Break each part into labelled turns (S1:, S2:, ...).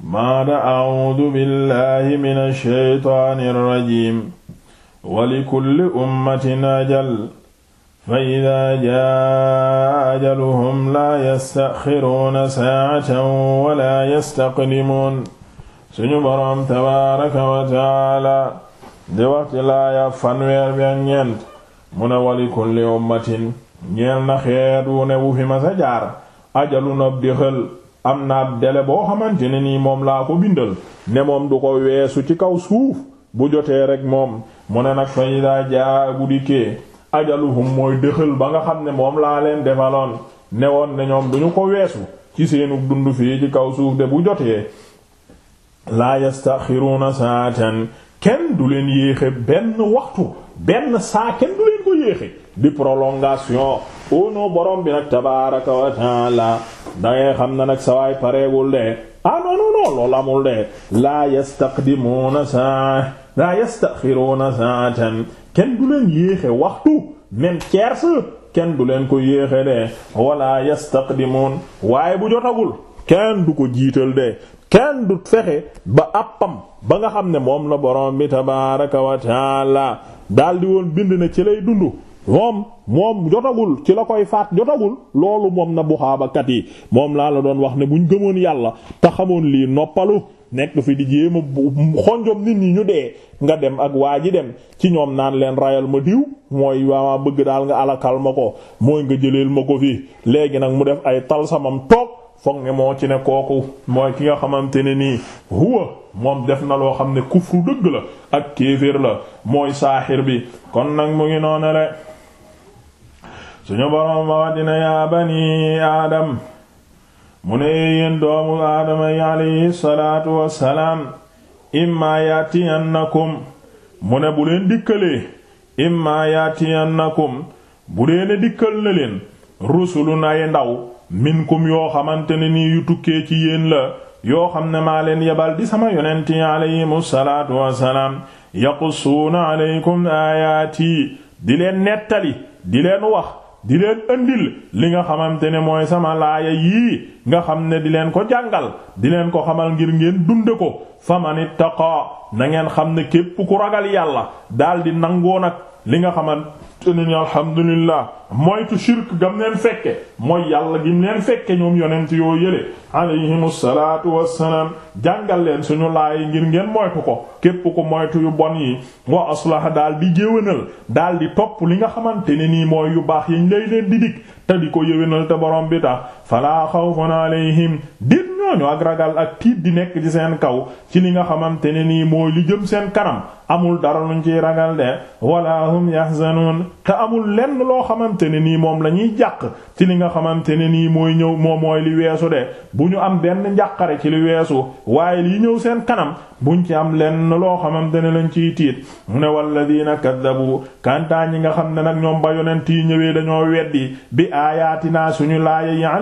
S1: baada acuudu billahi min alsheytaani alrajim wa likulli ummatin ajal fa ida jaa ajaluhum laa yastaxiruuna saacatan wala yastaqdimuun suñu boroom tabaaraka wa taala di wax ci laaya fanweer bi ak ñeent mu ne wa likulli ummatin ñeel na xeet wu ne wu fi ma sa jaar
S2: ajalu nab dixal am naa ab boo xamante ne nii moom laa ko bindal ne moom du ko weesu ci kaw suuf bu jotee rek moom mu ne nag fa idaa jaa bu dikkee ajaluhum mooy dëxal ba nga xam ne moom laa leen defaloon ne woon ne ñoom duñu ko weesu ci seenu dund fii ci kaw suuf de bu jotee laa yastaxiruuna saatan kenn du leen yéexe benn waxtu benn saa kenn du leen ko yéexe di prolongation ono borom bi nag tabaaraka wa taala dangay xam na nag sawaay pareegul de ah non non non loolu amul de laa yastaqdimuuna saa laa yastaxiruuna saatan kenn du leen yéexe waxtu même tierce kenn du leen ko yéexe de wala yastaqdimuun waaye bu jotagul kenn du ko jiital de kenn du fexe ba appam ba nga xam ne moom la borom bi tabaaraka wa taala daldi woon bind na ci lay dund moom moom jotagul ci la koy faat jotagul loolu moom na buxaabakat yi moom laa la doon wax ne buñ gëmoon yàlla te xamoon lii noppalu nekk fi di jéema xonjom nit ñi ñu dee nga dem ak waa ji dem ci ñoom naan leen rayal ma diw mooy waa bëgg daal nga alakal ma ko mooy nga jëleel ma ko fi léegi nag mu def ay tal samam toog foog ne moo ci ne kooku mooy ki nga xamante ne nii huwa moom def na loo xam ne kufru dëgg la ak kéeféer la mooy saaxiir bi kon nag suñu boroom waxat dina yaa bani aadam mu ne yéen doomu aadama yi alayhi salaatu wassalaam imma yaatiyannakum mu ne bu leen dikkalee imma yaatiyannakum bu dee ne dikkal na leen rusulun ay ndaw minkum yoo xamante ne nii yu tukkee ci yéen la yoo xam ne maa leen yebal di sama yonent yi alayhimu salaatu wassalaam yaqussuuna aleykum aayaati di leen nettali di leen wax di leen andil li nga xamante ne mooy sama laaya yii nga xam ne di leen ko jàngal di leen ko xamal ngir ngeen dunde ko faman ittaqa na ngeen xam ne képp ku ragal yàlla daal di nangoo nag li nga xaman te ne ni alhamdulillah moytu shirk gam leen fekke mooy yàlla gim leen fekke ñoom yonent yoo yële alayhimu salaatu wassalaam jàngal leen suñu laay ngir ngeen moytu ko képp ko moytu yu bon yi wa aslaha daal di jéwénal daal di topp li nga xamante ne nii mooy yu baax yañ lay leen di dig te di ko yéwénal te borom bi tax falaa xawfun alayhim ñooñu ak ragal ak tiit di nekk ci seen kaw ci li nga xamante ne nii mooy li jëm seen kanam amul dara luñ ciy ragal de wala hum yahzanun te amul lenn loo xamante ne nii moom la ñuy jàq ci li nga xamante ne nii mooy ñëw moom mooy li weesu de bu ñu am benn njàqare ci li weesu waaye li ñëw seen kanam buñ ci am lenn loo xamante ne lañ ciy tiit mu ne walladina kaddabu kantaa yi nga xam ne nag ñoom ba yonent yi ñëwee dañoo weddi bi aayaatinaa suñu laaya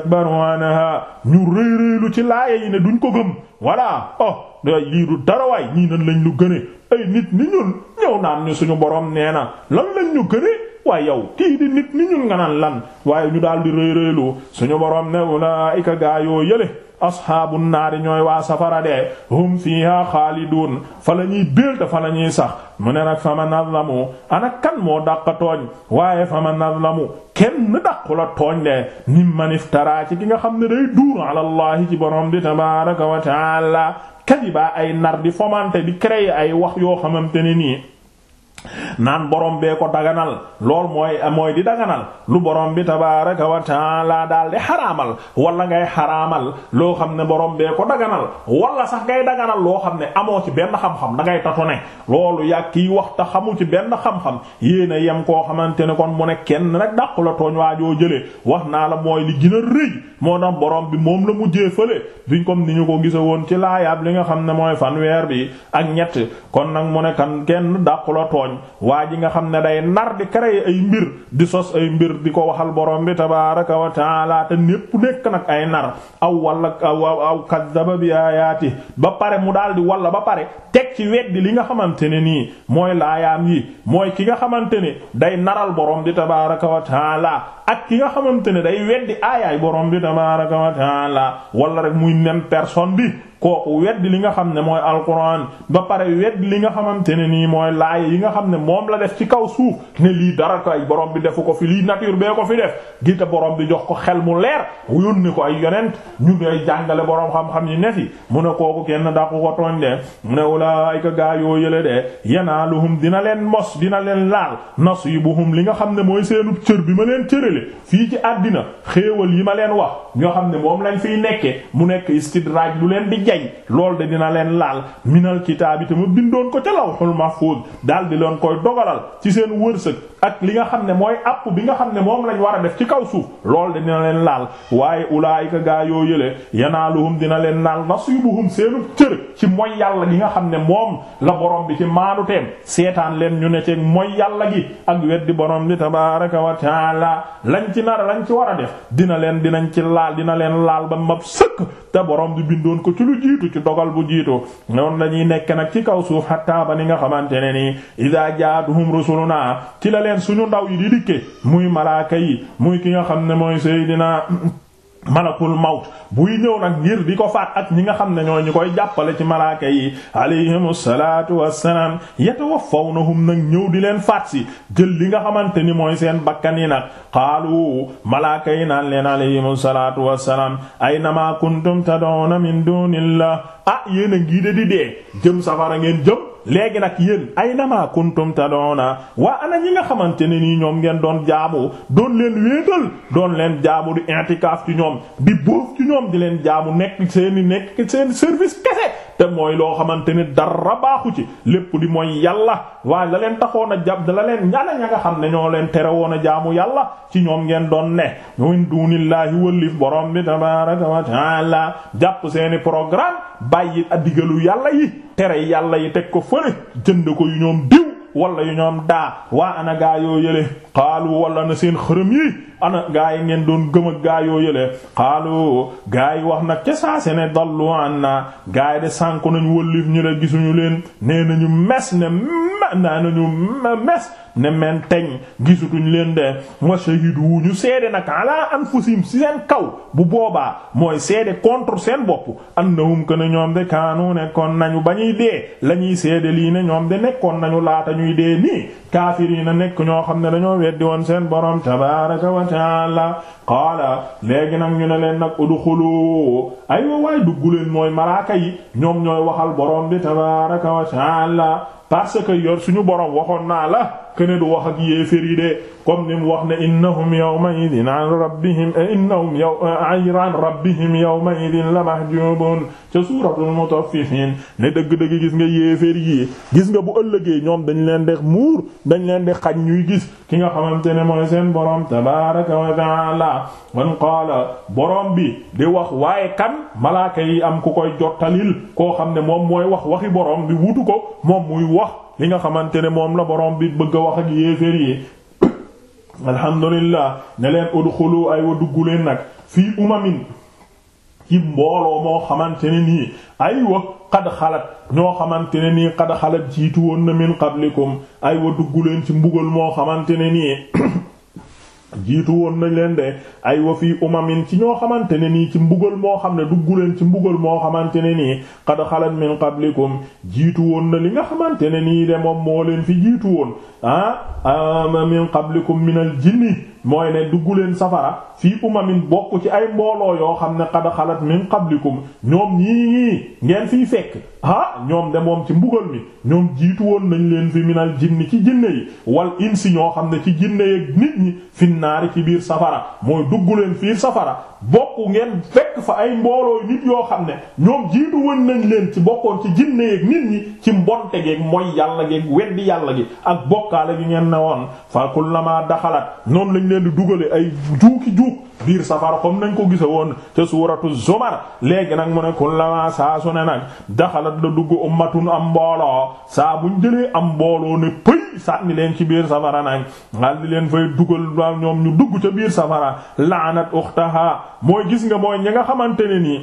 S2: istakbaru anha ñu rëy rëylu ci laaya yi ne duñ ko gëm voilà oh lii du dara waay ñii nan lañ lu gëne ay nit ni ñun ñëw naan ñu suñu borom nee na lan lañ ñu gëne waaye yow di nit ni ñun nga lan waaye ñu daal di rëy rëylu suñu borom ne ulaa'ika yoo yële asxaabu naari ñooy waa safara de hum fiha xaalidun fa la ñuy bélte fa sax mu ne nag fa man azlamu ana kan moo daq tooñ waaye fa man azlamu kenn dàqu la tooñ de nim maniftara ki nga xam ne day duur alallahi ci borom di tabaraka wa taala kadiba ay nar di fomante di créer ay wax yoo xamante ne nii naan borom bee ko daganal lool mooy mooy di daganal lu borom bi tabaaraka wa laa daal di xaraamal wala ngay xaraamal loo xam ne borom bee ko daganal wala sax ngay daganal loo xam ne amoo ci benn xam-xam da ngay tato ne loolu yàgg kiy waxta xamu ci benn xam-xam yéen a yem koo xamante kon mu ne kenn rek dàqu la tooñ waajoo jële wax naa la mooy li gën a rëy moo tax borom bi moom la mujjee fële duñ comme ni ñu ko gisa woon ci laayaab li nga xam ne mooy fanweer bi ak ñett kon nag mu ne kan tooñ waa ji nga xam ne day nar di créer ay mbir di sos ay mbir di ko waxal borom bi tabaaraka wa taala te népp nekk nak ay nar aw walla aw aw kaddaba bi aayaati ba pare mu daal di walla ba pare teg ci weddi li nga xamante ne nii mooy laayaam yi mooy ki nga xamante ne day naral borom bi tabaaraka wa taala ak ki nga xamante ne day weddi aayaay borom bi tabaaraka wa taala walla rek muy nem personne bi kooku wedd li nga xam ne mooy alquran ba pare wedd li nga xamante ne nii mooy laaya yi nga xam ne moom la def ci kaw suuf ne lii dara kay borom bi defu ko fi lii nature bee ko fi def gi te bi jox ko xel mu leer yónni ko ay yonent ñu jàngale borom xam-xam yi ne fi mu ne kooku kenn dàqu ko tooñ de mu ne ulaayika gaa yoo yële de yanaaluhum dina leen mos dina leen laal nasiibuhum li nga xam ne mooy seenu cër bi ma leen cërale fii ci àddina yi ma leen wax lañ fiy nekke mu nekk istidraaj lu leen di jay lool de dina leen laal minal kitaabi te ma bindoon ko ca lawhul mahfuz daal di leen koy dogalal ci seen wërsëg ak li nga xam ne mooy app bi nga xam ne moom lañ war a def ci kaw suuf lool de dina leen laal waaye ulaayika gaa yoo yële yanaaluhum dina leen laal nasiibuhum seenu cër ci mooy yàlla gi nga xam ne moom la borom bi ci maanuteem seetaan leen ñu ne ceeg mooy yàlla gi ak weddi borom bi tabaaraka wa taala lañ ci nar lañ ci war a def dina leen dinañ ci laal dina leen laal ba mab sëkk te borom bi bindoon ko ci lu lu jiitu ci dogal bu jiitu noonu la ñuy nekk nag ci kaw suuf hatta ba ni nga xamante ne nii idaa jaatuhum naa ci la leen suñu ndaw yi di dikke muy malaaka yi muy ki nga xam ne mooy seydina malakul mawt buy ñëw nak ngir di ko faat ak ñi nga xam ne ñoo ñu koy jàppale ci malaaka yi alayhimu salaatu wassalaam yatawaffawnahum nag ñëw di leen faat si jël li nga xamante ni mooy seen bakkan yi nag xaalu malaaka yi naan leen alayhimu salaatu wassalaam aynama kuntum tad'una min dunillah ah yéen a ngi de di dee jëm safara ngeen jëm léegi nag yéen ay nama kuntum taduna waa ana ñi nga xamante ne nii ñoom ngeen doon jaamu doon leen wéetal doon leen jaamu di intikaaf ci ñoom di boof ci ñoom di leen jaamu nekk seen i nekk seen service kese te mooy loo xamante ni dara baaxu ci lépp di mooy yàlla waaye la leen taxoon a jàpp la leen ñana ña nga xam ne ñoo leen tere woon a jaamu yàlla ci ñoom ngeen doon ne min dunillahi wëllif borom bi tabaraka wa taala jàpp seeni programme bàyyi adigalu yàlla yi tere yàlla yi teg ko fële jënd ko yu ñoom diw wala yu ñoom daa waa ana gaa yoo yële xaalu wala na seen xërëm yi ana gaa yi ngeen doon gëm ak gaa yoo yële xaalu gaa yi wax nag ca saa se ne dallu an na gaa yi de sànku nañu wëllif ñu la gisuñu leen nee nañu mes ne na nañu mes ne men teñ leen de wa shahidu ñu seede nag ala anfusihim si seen kaw bu boobaa mooy seede contre seen bopp na ko kana ñoom de kaanu nekkoon nañu ba ñuy dee la ñuy seede lii ne ñoom de nekkoon nañu laata ñuy dee nii kaafiriina nekk ñoo xam ne dañoo weddi woon seen borom tabaaraka wa taala qaala léegi nag ñu ne leen nag udxulu ay wa waay dugguleen mooy malaaka yi ñoom ñooy waxal borom bi tabaaraka wa parce que yor suñu borom waxoon naa la kene du wax ak yéefér yi de comme ni mu wax ne innahum yawma idin an rabbihim innahum an rabbihim yawma idin la mahjubun ca suuratul mutaffifiin ne dëgg-dëgg gis nga yéeféer yi gis nga bu ëllëgee ñoom dañ leen di muur dañ leen di xañ ñuy gis ki nga xamante ne mooy seen borom tabaaraka wa ta'aala man qaala boroom bi di wax waaye kan malaaka yi am ku koy jottalil koo xam ne moom mooy wax waxi borom bi wutu ko moom muy wax li nga xamante ne moom la borom bi bëgg a wax ak yéeféer yi alhamdulillah ne leen udxulu ay wa dugguleen leen nag fii umamin ci mbooloo moo xamante ne nii aywa qad xalat ñoo xamante ne nii qad xalat jiitu woon na min qablikum aywa dugg leen ci mbugal moo xamante ne nii jiitu woon nañ leen de ay wa fii umamin ci ñoo xamante ne nii ci mbugal moo xam ne dugg leen ci mbugal moo xamante ne nii qad xalat min qablikum jiitu woon na li nga xamante ne nii de moom moo leen fi jiitu woon ah, ah min qablikum minal jinni mooy ne dugg leen safara fii umamin bokk ci ay mbooloo yoo xam ne qad xalat min ñoom ñii ñii ngeen fiy fekk ah ñoom de moom ci mbugal mi ñoom jiitu woon nañ leen fi minal jinni ci jinne yi wal insi ñoo xam ne ci jinne yeeg nit ñi fi naari ci biir safara mooy dugg leen fii safara bokk ngeen fekk fa ay mbooloo nit yoo xam ne ñoom jiitu woon nañ leen ci bokkoon ci jinne yeeg nit ñi ci mbonte geeg mooy yàlla geeg weddi yàlla gi ak bokkaale gi ngeen ne woon fa kullamaa daxalat noonu lañ leen di dugale ay juuki juuk biir safar comme nañ ko gisa woon ca suuratu zumar léegi nag mu ne kullama saa su ne nag daxalat la dugg ummatun am mbooloo saa buñ jëlee am mbooloo ne pëy sànni leen ci biir safara nag ngal di leen fay dugal ñoom ñu dugg ca biir safara laanat uxtaha mooy gis nga mooy ñi nga xamante ne nii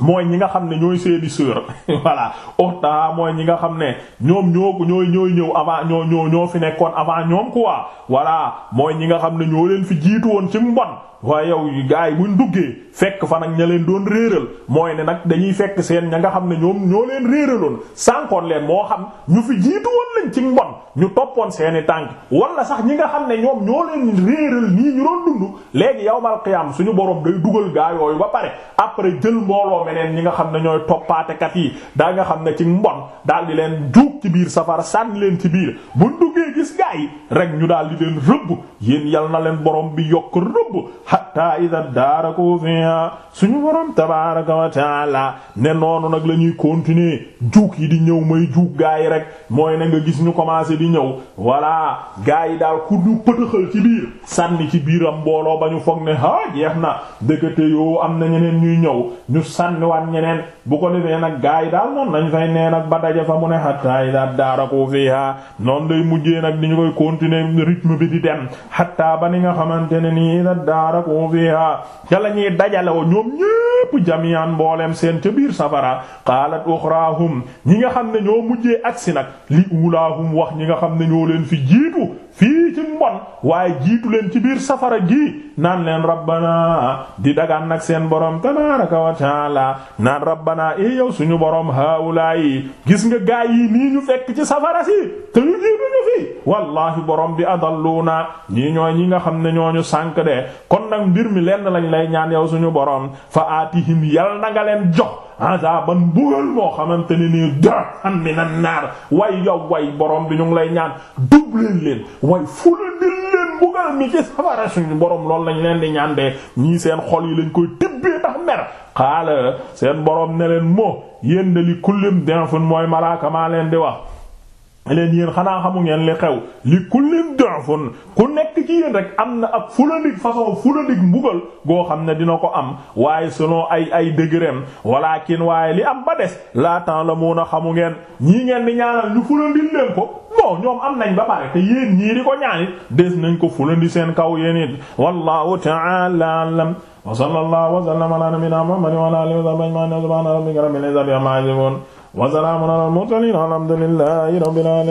S2: mooy ñi nga xam ne ñooy seeni sœur voilà Uxta mooy ñi nga xam ne ñoom ñoo ko ñooy ñooy ñëw avant ñoo ñoo ñoo fi nekkoon avant ñoom quoi voilà mooy ñi nga xam ne ñoo leen fi jiitu woon ci mbon waaye yow gars yi buñ duggee fekk fa nag ña doon réeral mooy ne nag dañuy fekk seen ña nga xam ne ñoom ñoo leen réeraloon leen moo xam ñu fi jiitu woon ñu toppoon seeni tànk wala sax ñi nga xam ne ñoom ñoo leen réeral nii ñu doon dund léegi yawmal qiyaam suñu borom day dugal gaa yooyu ba pare après jël mbooloo beneen ñi nga xam ne ñooy toppaate kat yi daa nga xam ne ci mbon daal di leen juug ci biir safara sànni leen ci biir bu bëggee gis gaa rek ñu daal di leen rëbb yéen yal na leen borom bi yokk rëbb hatta ida daaraku fiha suñu borom tabaraka wa taala ne noonu nag la ñuy continuer juuk yi di ñëw may juuk gaa yi rek mooy na nga gis ñu commencé di ñëw voilà gaa yi daal ku ñu pëtëxal ci biir sànni ci biiram mbooloo ba ñu foog ne ah jeex na dëkkate yoo am na ñeneen ñuy ñëw ñu sànniwaat ñeneen bu ko defee nag gaa yi daal noonu lañ fay nee ba daje fa mu ne hatta ida mujjee nag di ñu koy continuer rythme bi di dem xatta ba ni nga xamante ne nii da daaraku fiha ca la ñuy dajale wo ñoom ñépp jamian mboolem seen ca biir safara qaalat uxraahum ñi nga xam ne ñoo mujjee agsi nag li ulaahum wax ñi nga xam ne ñoo leen fi jiitu fii ci mbon waaye jiitu leen ci biir safara ji naan leen rabbana di dagaan nag seen boroom tabaraka wa taala naan rabbana i eh yow suñu boroom haawulaa yi gis nga gaay yi nii ñu fekk ci safara si te ñu jiitu ñu fii wallahi borom bi adalluna ñii ñooy ñi nga xam ne ñooñu sànk de kon nag mbir mi lenn lañ lay ñaan yow suñu borom fa aatihim yal na nga leen jox azaban mbugal moo xamante ne nii da'an minan naar way yow way boroom bi ñu ngi lay ñaan dubleel leen way fulandil leen mbugal mi ci safara suñu borom loolu lañ leen di ñaan de ñii seen xol yi lañ koy tibbee ndax mer xaala seen borom ne leen moo yéen li kullim denfun mooy malaaka maa leen di wax leen yéen xanaa xamu ngeen li xew li kullin du'fun ku nekk ci yéen rek am na ab fulandik façon fulandik mbugal goo xam ne dina ko am waaye selon ay ay degrém walakin waaye li am ba des la mun a xamu ngeen ñii ngeen di ñaanal ñu fulandil leen ko bon ñoom am nañ ba pare te yéen ñii di ko ñaanit des nañ ko fulandi seen kaw yéen it wallahu ta'ala a'lam wa sallallahu wa sallama ala nabiyyina muhammadin wa ala alihi wa sahbihi ajma'in
S1: subhana wa salaamun alal mursaliin alhamdulillaahi rabbil aalamiin